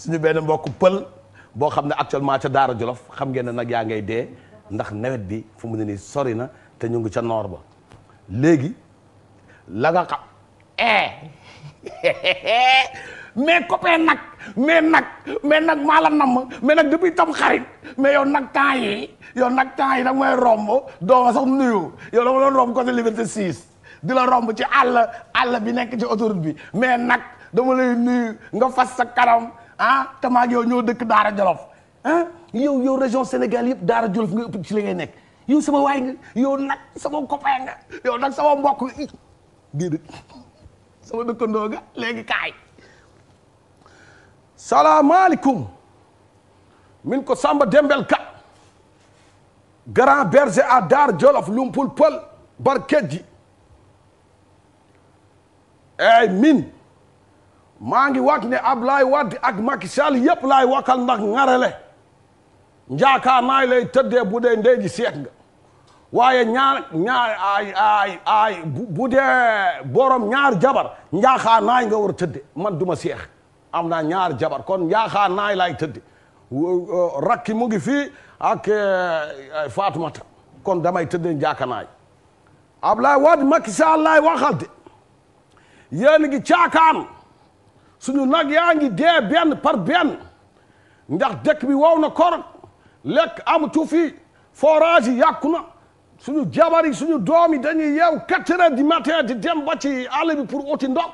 suñu benn mbokk pël boo xam ne actuellement ca Daara Jolof xam ngeen nag yaa ngay dee ndax nawet bi fu mu ne nii sori na te ñu ngi ca noor ba léegi la nga xam eh, mais copain nag mais nag mais nag maala la namm mais nag depuis tam xarit mais yow nag temps yi yow nag temps yi nag mooy romb dooma sax nuyu yow dama doon romb côté Liberté 6 di la romb ci àll àll bi nekk ci autoroute bi mais nag dama lay nuyu nga fas sa kanam ah te maa ngi yow ñoo dëkk Daara Jolof ah yow yow région Sénégal yëpp Daara Jolof nga ëpp ci li ngay nekk yow sama waay nga yow nag sama copain nga yow nag sama mbokk nga déedéet sama dëkkandoo nga léegi kaay. salaamaaleykum. min ko Samba Dembel Ka. grand berger à Dar Jolof Lumpul Pël Barkedji. ay eh, min. maa ngi waat ne Ablaye Wade ak Macky Sall yëpp laay wakkal ndax ngarale njaaka naay lay tëddee bu dee ndey ji seet nga waaye ñaar ñaar ay ay bu dee borom ñaar jabar njaaka naay nga war a tëddee man duma seex am na ñaar jabar kon njaaka naay lay tëddee rakki mu ngi fi ak eh, Fatoumata kon damay tëddee njaaka naay Ablaye Wade Macky Sall laay waxal de yéen ngi caakaan suñu nag yaa ngi dee benn par benn ndax dëkk bi wow na kor lekk amatu fi forage yi yàqu na suñu jabar yi suñu doom yi dañuy yeew quatre heures du matin di dem ba ci àll bi pour uti ndox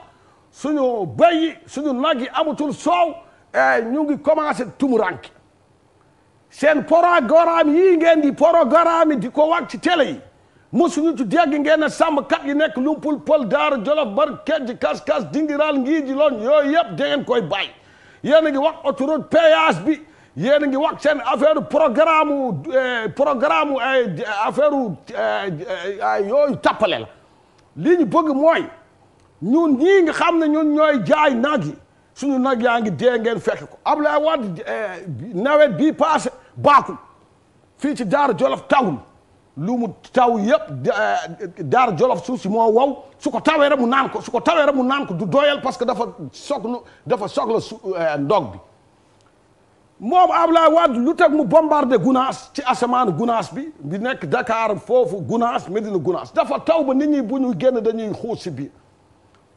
suñu béy yi suñu nag yi amatul soow e ñu ngi commencé tumuranke seen programme yi ngeen di programme di ko wax ci télé yi mosuñu ci dégg ngeen ne sàmmkat yi nekk Lumpul Pël Daara Jolof Bar Kejj Kas Kas Dingiraal Ngiji Loñ yooyu yëpp da ngeen koy bàyyi yéen a ngi wax autoroute péage bi yéen a ngi wax seen affaire programme eh, programme affaire eh, yooyu tappale la li ñu bëgg mooy ñun ñii nga xam ne ñun ñooy jaay nag suñu nag yaa ngi dee ngeen fekk ko Ablaye Wade eh, nawet bii passé baakul fii ci Daara Jolof tawul lu mu taw yëpp eh, daar jolof suuf si moo wow su ko tawee mu naan ko su ko tawee mu naan du doyal parce que dafa soxla dafa soxla su eh, ndog bi moom Ablaye Wade lu teg mu bombardé Gunaas ci asamaan Gunaas bi bi nekk Dakar foofu Gunaas Medina Gunaas dafa taw ba ni ñi bu ñu génn dañuy xuus si biir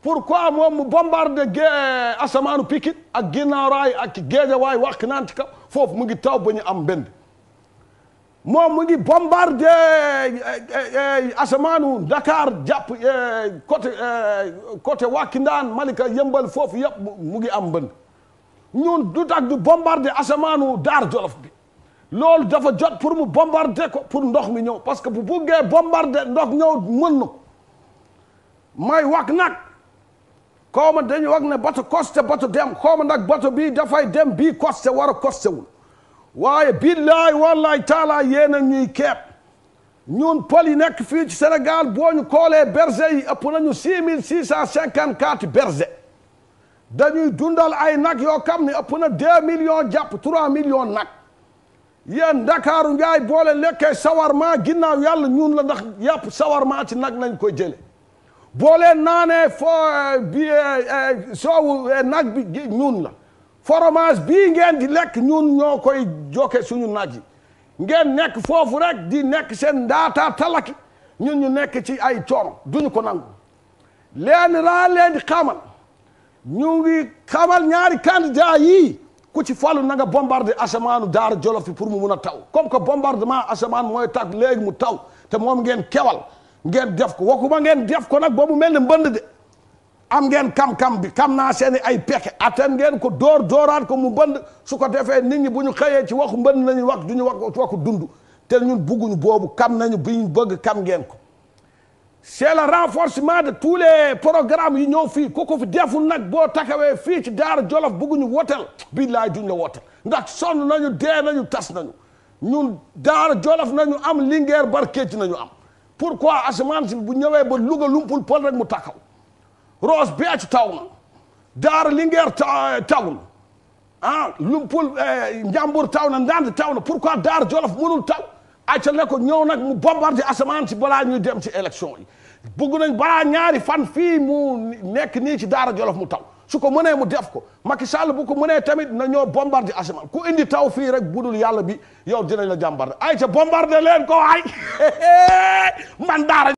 pourquoi moom mu bombardé eh, asamaanu Pikine ak ginnaaw raay ak géejawaay wax naan ci kaw foofu mu ngi taw ba ñu am mbënd moom mu ngi bombardé eh, eh, eh, asamaanu Dakar jàpp côté côté Wakindaan Malika yëmbal foofu yëpp mu ngi am mbënd ñun du tax du bombardé asamaanu Daar Jolof bi loolu dafa jot pour mu bombardé ko pour ndox mi ñëw parce que bu buggee bombardé ndox ñëw mën na may wax nag xaw ma dañu wax ne bato costé bato dem xaw ma nag bato bii dafay dem bi costé war a costé wul waaye billaay wallaay taala yéen a ñuy kepp ñun pël yi nekk fii ci Sénégal boo ñu koolee berze yi ëpp nañu six mille six cent cinquante quatre berze dañuy dundal ay nag yoo xam ne ëpp na million millions jàpp trois millions nag yéen ndakaaru njaay boole lekkee sawarma ginnaaw yàlla ñun la ndax yàpp sawarma ci nag lañ koy jële boo naane naanee foo eh, bi eh, eh, nag bi ñun la fromage bii ngeen di lekk ñun ñoo koy jokke suñu naaj yi ngeen nekk foofu rek di nekk seen ndaataa talaki ñun ñu nekk ci ay coono duñu ko nangu leen raa leen di xamal ñu ngi xamal ñaari candidat yii ku ci falu na nga bombardé asamaanu daara jolof fi pour mu mun a taw comme que bombardement asamaan mooy tax léegi mu taw te moom ngeen kewal ngeen def ko waxuma ngeen def ko nag bo mu mel ne mbënd de am ngeen kam-kam bi kam naa seen ay pexe attan ngeen ko door dooraat ko mu bënd su ko defee nit ñi bu ñu xëyee ci waxu mbënd nañu wax du ñu wax waxu dund te ñun bugguñu boobu kam nañu bi ñu bëgg kam ngeen ko c'est le renforcement de tous les programmes yu ñëw fii ku ko fi deful nag boo takawee fii ci Daara Jolof bugguñu wotel billaay duñ wotel ndax sonn nañu dee nañu tas nañu ñun Daara Jolof nañu am Linguère Barkéji nañu am pourquoi asamaan si bu ñëwee ba Louga lumpul pol rek mu takaw Ross Béthio taw na Daara Linguère taw na ah Lumpul eh, Njambur taw na Ndande taw na pourquoi Daara Jolof mënul taw acca ne ko ñëw nag mu bombardé asamaan si balaa ñuy dem ci élection yi bëgg nañ balaa ñaari fan fii mu nekk nii ci Daara Jolof mu taw su ko mënee mu def ko Macky Sall bu ko mënee tamit na ñoo bombardé asamaan ku indi taw fii rek budul yàlla bi yow dinañ la jàmbar ay ca bombardé leen ko ay man Daara.